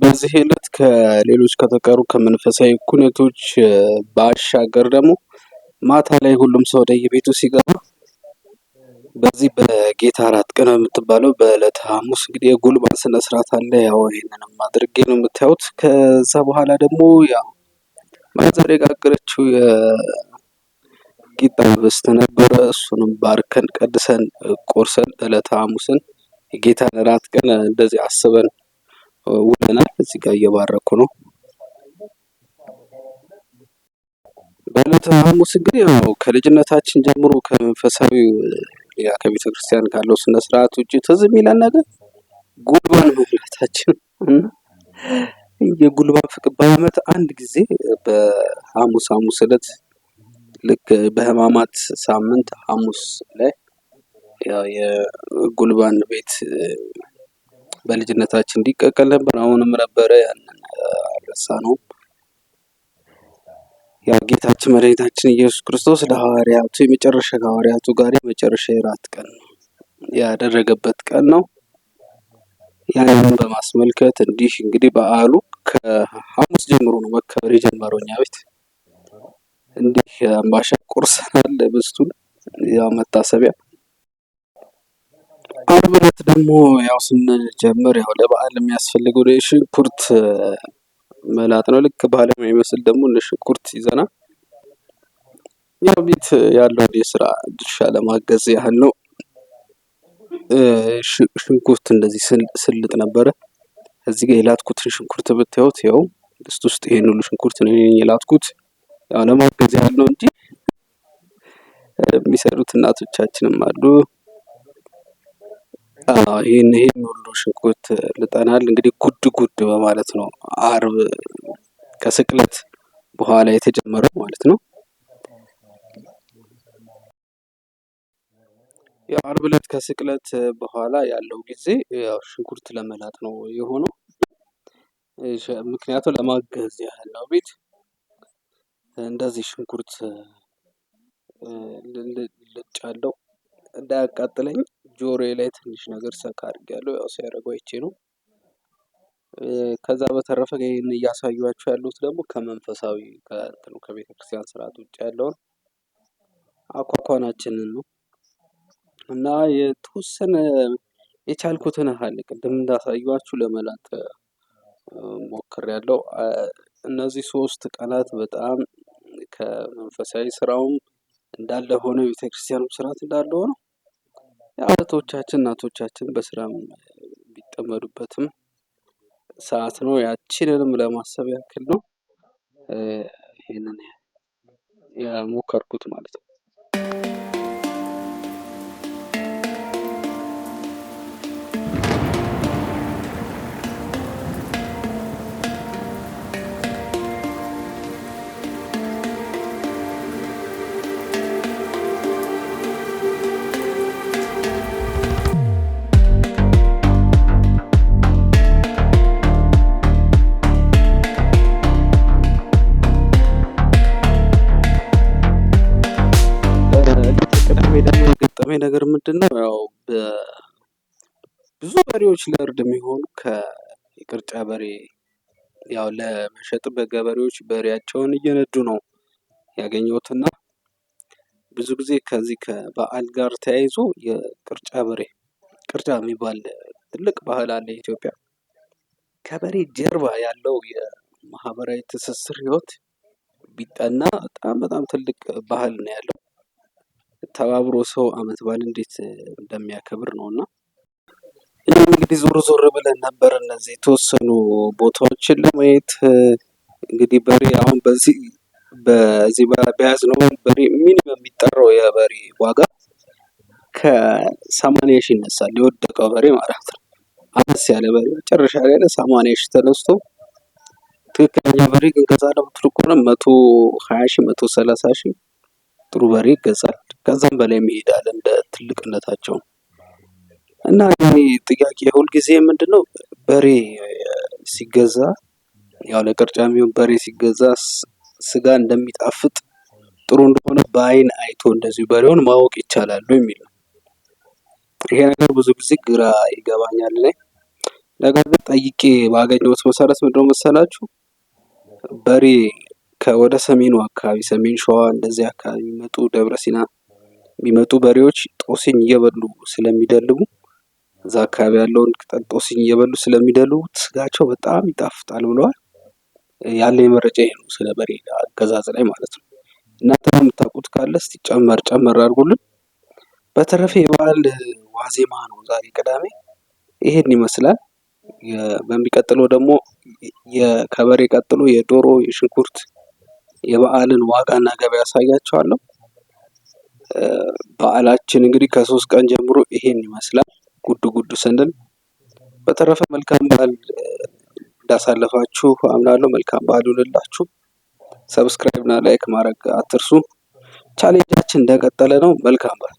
በዚህ ዕለት ከሌሎች ከተቀሩ ከመንፈሳዊ ኩነቶች ባሻገር ደግሞ ማታ ላይ ሁሉም ሰው ወደ የቤቱ ሲገባ በዚህ በጌታ አራት ቀን የምትባለው በዕለት ሐሙስ እንግዲህ የጉልባን ስነ ስርዓት አለ። ያው ይህንንም አድርጌ ነው የምታዩት። ከዛ በኋላ ደግሞ ያው ማዘር የጋገረችው የቂጣ ህብስት ነበረ። እሱንም ባርከን ቀድሰን ቆርሰን ዕለት ሐሙስን የጌታን እራት ቀን እንደዚህ አስበን ውለናል። እዚህ ጋር እየባረኩ ነው። በዕለተ ሐሙስ እንግዲህ ያው ከልጅነታችን ጀምሮ ከመንፈሳዊ ያ ከቤተ ክርስቲያን ካለው ስነ ስርዓት ውጭ ትዝ የሚለን ነገር ጉልባን መብላታችን የጉልባን ፍቅር በዓመት አንድ ጊዜ በሐሙስ ሐሙስ ዕለት ልክ በህማማት ሳምንት ሐሙስ ላይ ያው የጉልባን ቤት በልጅነታችን እንዲቀቀል ነበር። አሁንም ነበረ ያንን አረሳ ነው። ያው ጌታችን መድኃኒታችን ኢየሱስ ክርስቶስ ለሐዋርያቱ የመጨረሻ ከሐዋርያቱ ጋር የመጨረሻ የራት ቀን ያደረገበት ቀን ነው። ያንን በማስመልከት እንዲህ እንግዲህ በዓሉ ከሐሙስ ጀምሮ ነው መከበር የጀመረው እኛ ቤት እንዲህ አምባሻ ቆርሰናል። ብስቱን ያው መታሰቢያ አርብ ዕለት ደግሞ ያው ስንጀምር ያው ለበዓል የሚያስፈልገው የሽንኩርት መላጥ ነው። ልክ ባህል የሚመስል ደግሞ እነ ሽንኩርት ይዘናል። ያው ቤት ያለውን የስራ ድርሻ ለማገዝ ያህል ነው። ሽንኩርት እንደዚህ ስልጥ ነበረ። እዚህ ጋር የላትኩትን ሽንኩርት ብታዩት ያው ድስት ውስጥ ይሄን ሁሉ ሽንኩርት ነው የላትኩት። ያው ለማገዝ ያህል ነው እንጂ የሚሰሩት እናቶቻችንም አሉ። ይህን ይህን ሁሉ ሽንኩርት ልጠናል እንግዲህ ጉድ ጉድ በማለት ነው አርብ ከስቅለት በኋላ የተጀመረው ማለት ነው። የአርብ ዕለት ከስቅለት በኋላ ያለው ጊዜ ሽንኩርት ለመላጥ ነው የሆነው። ምክንያቱም ለማገዝ ያህል ነው። ቤት እንደዚህ ሽንኩርት ልጭ አለው እንዳያቃጥለኝ ጆሮ ላይ ትንሽ ነገር ሰካ አድርጌያለሁ። ያው ሲያደርጉ አይቼ ነው። ከዛ በተረፈ ይህን እያሳየኋችሁ ያሉት ደግሞ ከመንፈሳዊ ከእንትኑ ከቤተክርስቲያን ስርዓት ውጭ ያለውን አኳኳናችንን ነው እና የተወሰነ የቻልኩትን ያህል ቅድም እንዳሳየኋችሁ ለመላክ ሞክሬያለሁ። እነዚህ ሶስት ቀናት በጣም ከመንፈሳዊ ስራውም እንዳለ ሆነ የቤተክርስቲያኑም ስርዓት እንዳለ ሆኖ አቶቻችን እናቶቻችን በስራ የሚጠመዱበትም ሰዓት ነው። ያችንንም ለማሰብ ያክል ነው ይህንን የሞከርኩት ማለት ነው። የሚገርመኝ ነገር ምንድን ነው ያው ብዙ በሬዎች ለእርድ የሚሆኑ ከቅርጫ በሬ ያው ለመሸጥ በገበሬዎች በሬያቸውን እየነዱ ነው ያገኘሁትና ብዙ ጊዜ ከዚህ ከበዓል ጋር ተያይዞ የቅርጫ በሬ ቅርጫ የሚባል ትልቅ ባህል አለ ኢትዮጵያ። ከበሬ ጀርባ ያለው የማህበራዊ ትስስር ህይወት ቢጠና በጣም በጣም ትልቅ ባህል ነው ያለው። ተባብሮ ሰው አመት በዓል እንዴት እንደሚያከብር ነው እና እንግዲህ ዞር ዞር ብለን ነበር እነዚህ የተወሰኑ ቦታዎችን ለማየት እንግዲህ በሬ አሁን በዚህ በዚህ ነው በሬ ሚኒመም የሚጠራው የበሬ ዋጋ ከሰማንያ ሺ ይነሳል። የወደቀው በሬ ማለት ነው። አነስ ያለ በሬ መጨረሻ ላይ ሰማንያ ሺ ተነስቶ ትክክለኛ በሬ ግን ከዛ ለምትልቁ መቶ ሀያ ሺ መቶ ሰላሳ ሺህ ጥሩ በሬ ይገዛል። ከዛም በላይ መሄዳል እንደ ትልቅነታቸው እና እኔ ጥያቄ ሁልጊዜ ምንድን ነው በሬ ሲገዛ ያው ለቅርጫ የሚሆን በሬ ሲገዛ ስጋ እንደሚጣፍጥ ጥሩ እንደሆነ በአይን አይቶ እንደዚሁ በሬውን ማወቅ ይቻላሉ የሚል ይሄ ነገር ብዙ ጊዜ ግራ ይገባኛል ላይ ነገር ግን ጠይቄ ባገኘሁት መሰረት ምንድነው መሰላችሁ በሬ ወደ ሰሜኑ አካባቢ ሰሜን ሸዋ እንደዚህ አካባቢ የሚመጡ ደብረ ሲና የሚመጡ በሬዎች ጦስኝ እየበሉ ስለሚደልቡ እዛ አካባቢ ያለውን ቅጠል ጦስኝ እየበሉ ስለሚደልቡ ስጋቸው በጣም ይጣፍጣል ብለዋል። ያለ የመረጃ ይሄ ነው ስለ በሬ አገዛዝ ላይ ማለት ነው። እናንተ የምታውቁት ካለ እስቲ ጨመር ጨመር አድርጉልን። በተረፈ የበዓል ዋዜማ ነው ዛሬ ቅዳሜ። ይሄን ይመስላል። በሚቀጥለው ደግሞ ከበሬ ቀጥሎ የዶሮ የሽንኩርት የበዓልን ዋጋና ገበያ ያሳያቸዋለሁ። በዓላችን እንግዲህ ከሶስት ቀን ጀምሮ ይሄን ይመስላል። ጉዱ ጉዱ ስንል በተረፈ መልካም በዓል እንዳሳለፋችሁ አምናለሁ። መልካም በዓል ይሁንላችሁ። ሰብስክራይብ እና ላይክ ማድረግ አትርሱ። ቻሌንጃችን እንደቀጠለ ነው። መልካም በዓል